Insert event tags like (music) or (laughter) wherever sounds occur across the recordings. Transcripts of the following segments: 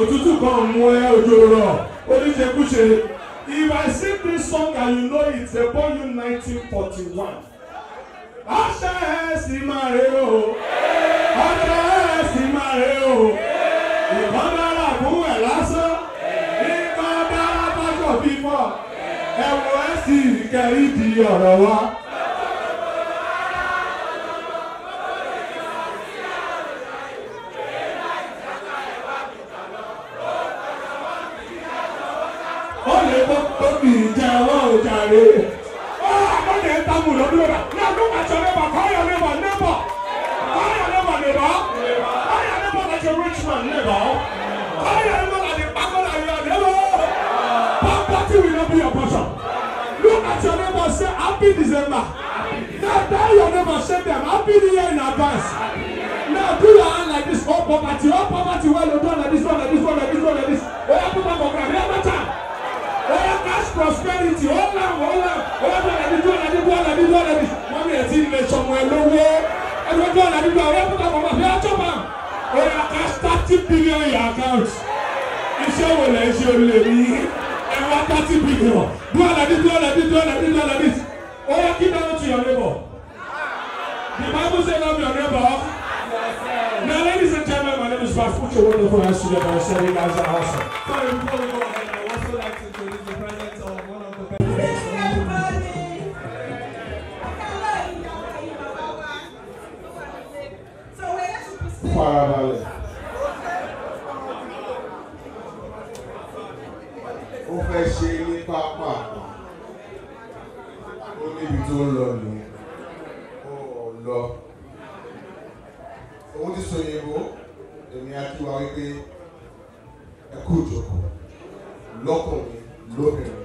òtútù kan mú ẹ òjò rọ̀ oníṣekúṣe if I sing this song and you know it's a born you nineteen forty one. ọ̀ṣẹ́ ẹ̀ sì máa rè o ọ̀ṣẹ́ ẹ̀ sì máa rè o ìbọn dára fún ẹ̀ lásán nípa bá bá bímọ ẹ̀wọ̀n ẹ̀ sì jàre. Ó lè ta mú lọ́dún lọ́dà. Now look at your neighbor, call your neighbor, neighbor. Call your neighbor, neighbor. Call your neighbor like a rich man, neighbor. Call your neighbor like a backward and your neighbor. Poverty will not be your portion. Look at your neighbor, say happy December. Now tell your neighbor, say them happy new year in advance. Now do your hand like this, all poverty, all poverty, well done like this, one like this, one like this, one like this. Oya put up for ground, every time. Oya prosperity hold ọ̀la ọ̀la ọ̀la ọ̀làdìdú ọ̀làdìdú ọ̀làdìdú ọ̀làdì wọ́n mi ẹ̀sìn ilẹ̀ sọ̀mù ẹ̀ lówó ẹ̀dọ́dọ́ ọ̀làdìdú àwọn ẹ̀kúta bàbá fi ọjọ́ ma ọ̀yà ká thirty billion in account iṣẹ́ wo lẹ̀ ṣe olè ní ẹ̀wá thirty billion dú ọ̀làdìdú ọ̀làdìdú ọ̀làdìdú ọ̀làdì ọ̀yà kí náà ti your neighbor the bible say love your neighbor now ladies and gentlemen my name is Bafuke wonderful high school student by seven guys at house. farabalẹ̀. ó fẹ́ ṣe ní pápá ó níbi tó ń lọ nù ó lọ. òun ti sọ yìnbó èmi àti wa wípé ẹ kú ìjòkó lọ́kùnrin lóbìnrin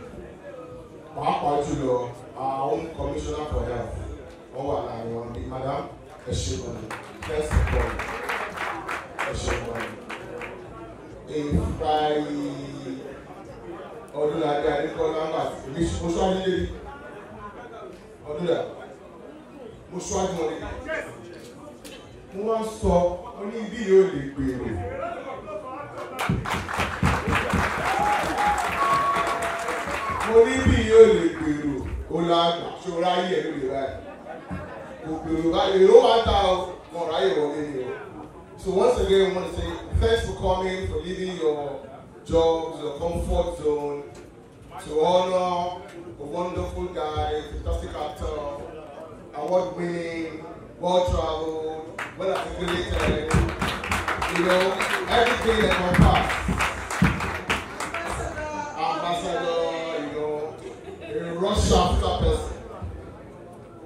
pàápàá jùlọ àwọn commissioner for health wọ́n wà láàrin wọn bíi madam ẹ ṣe wọn ní first born ìfàyè ọdúnladé adékọlá wà ní mọ́ṣúárì lè ọdúnlá mọ́ṣúárì mọ́lẹ́ wọ́n wá sọ ó ní ibi yóò lè gbèrò. mo ní bí yóò lè gbèrò ó la ṣòro ayé ẹ̀ ló lè báyìí kò gbèrò báyìí èrò wa ta ọ mọ̀ wọlé ni o. So once again, I want to say thanks for coming, for leaving your jobs, your comfort zone, to honor a wonderful guy, fantastic actor, award-winning, well-traveled, well-articulated, you know, everything that can pass. Ambassador, you know, rush after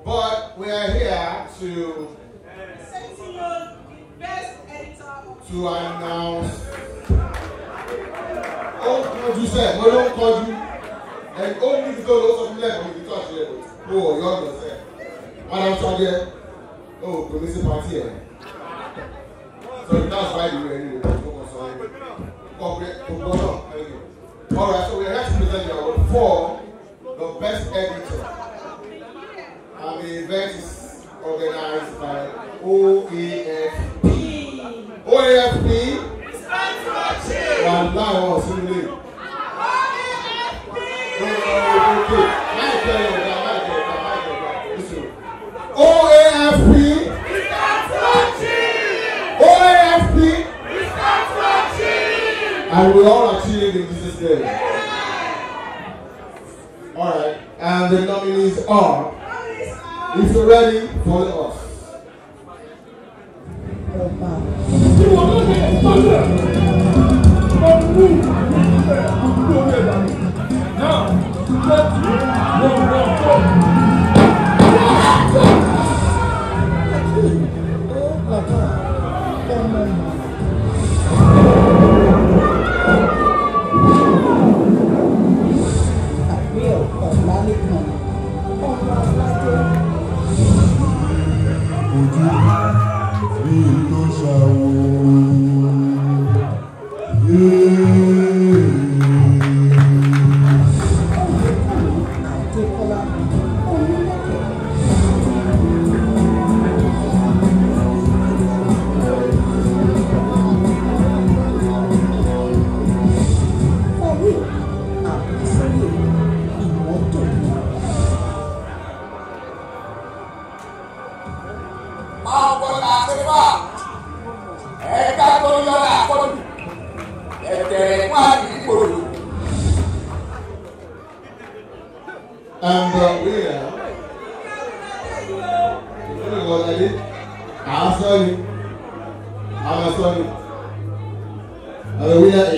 But we are here to you are now. ó ń kọjú sẹ́ẹ̀ mo ló ń kọjú ẹ̀ ó ní ibi tó lọ sọ fún lẹ́ẹ̀kan ibi tó àṣẹ rẹ̀ ó wọ̀ yọ̀ ọ̀dọ̀ sẹ́ẹ̀ madam sadiẹ ó kò ní sí pàtí ẹ̀ so that's why you were anyway to focus on corporate to all right so we are here to present the award for the best edit. And we all achieve in Jesus' name. Alright, and the nominees are, if you're ready, follow Oh. And um, uh, we ah, ah, are. Olùkọ́ tẹ̀lé, à I did. ni, à ń sọ ni.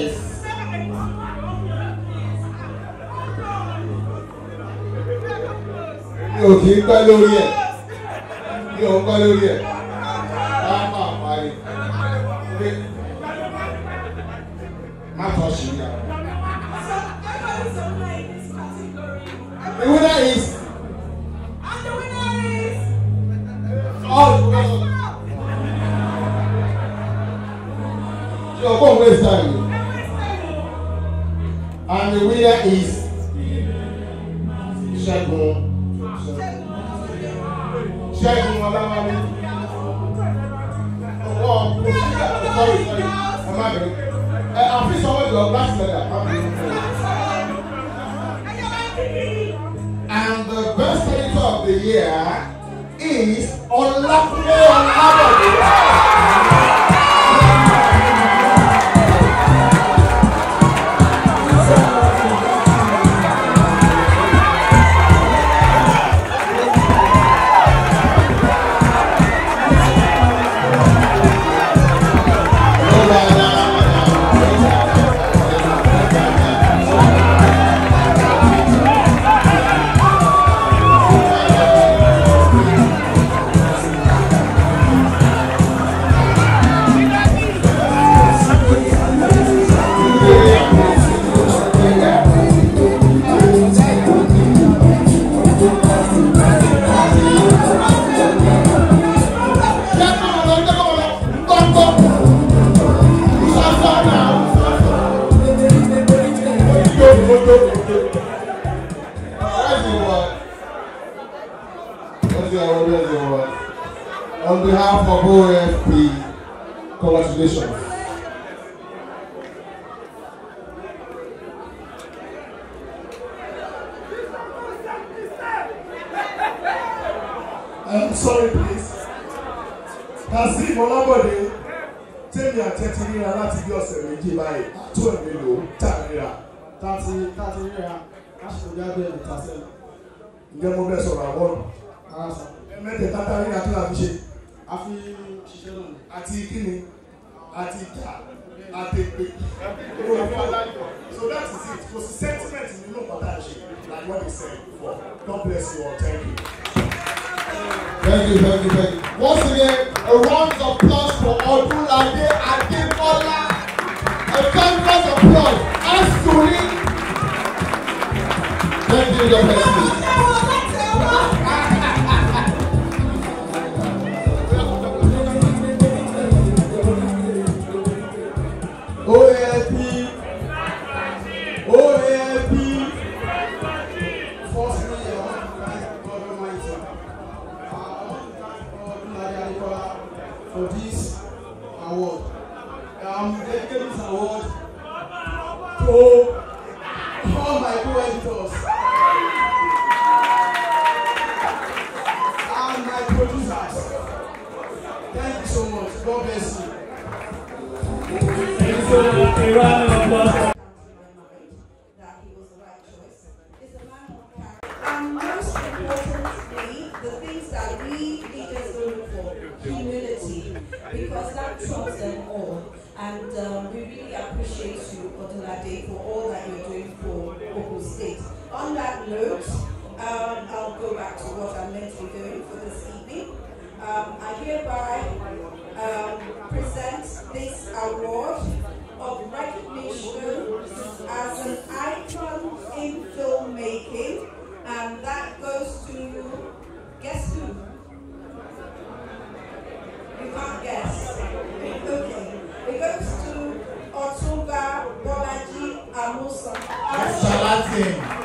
is. Mi ò kì í pẹ́ lórí ẹ̀. Mi ò ń pẹ́ lórí ẹ̀. Bá máa parí. Má tọ́ sí ṣẹ́gun ṣẹ́gun ọláwálé ọwọ́ sọ́rí sọ́rí ẹ má bẹ̀rẹ̀ ẹ àfi sọ́wọ́ ìlọ glass leather má bẹ̀rẹ̀. And the best editor of the year is Olakunle Olabode. I'm sorry please. Kazeem Ọlábọ̀dé tẹ́mi àtẹ́tí ríra láti bí ọ̀sẹ̀ méjì báyìí tó ẹ̀mí lò ó tà ríra. Tàti tàti ríra káṣíkò jáde ẹ̀ tàṣẹ́. Ǹjẹ́ mo bẹ sọ̀rọ̀ àwọn? Ara sọ. Ẹ ríra kí la ṣe? A fi ṣiṣẹ́ náà. Àti kíni? Àti ìjà àti ìpè. So that is it. Kò sí sentiment nínú ọ̀pá tá a ṣe like what they said before. God bless you all. Thank you. Thank you, thank you, thank you. Once again, a round of applause for Odunlade Ademola. A thunderous applause. As Asuri. Thank you, your Majesty. OAP, e e firstly, I want to thank God Almighty. for this award. I'm dedicating this award to all my co-editors and my producers. Thank you so much. God bless you. Thank you so much. security for this evening. Um, I hereby um, present this award of recognition as an icon in filmmaking, and that goes to guess who? You can't guess. Okay, it goes to Otunga Bolaji Amusa. Excellent.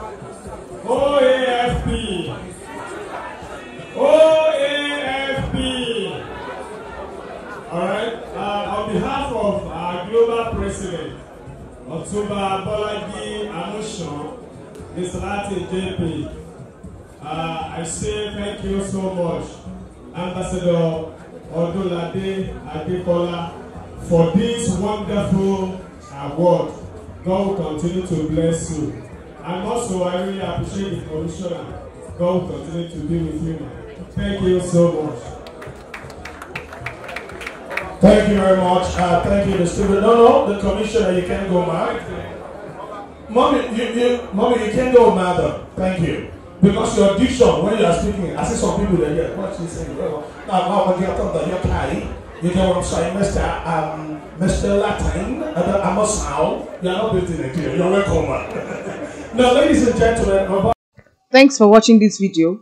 All right. Uh, on behalf of our global president, Otuba Bolaji Amushan, Mr. Ati JP, uh, I say thank you so much, Ambassador Odulade Adekola, for this wonderful award. God will continue to bless you. And also, I really appreciate the commissioner. God will continue to be with you. Thank you so much. Thank you very much. Uh, thank you, Mister. student. No, no, the commissioner, you can't go mad. Mommy, you, you, mommy, you can't go madam. Thank you. Because your diction, when you are speaking, I see some people that hear, what you saying, now, now, when you are that you're tired, you know what I'm saying, Mr. Um, Mr. Latin, I'm a sound, you're not a deal. You're welcome. (laughs) now, ladies and gentlemen, Thanks for watching this video.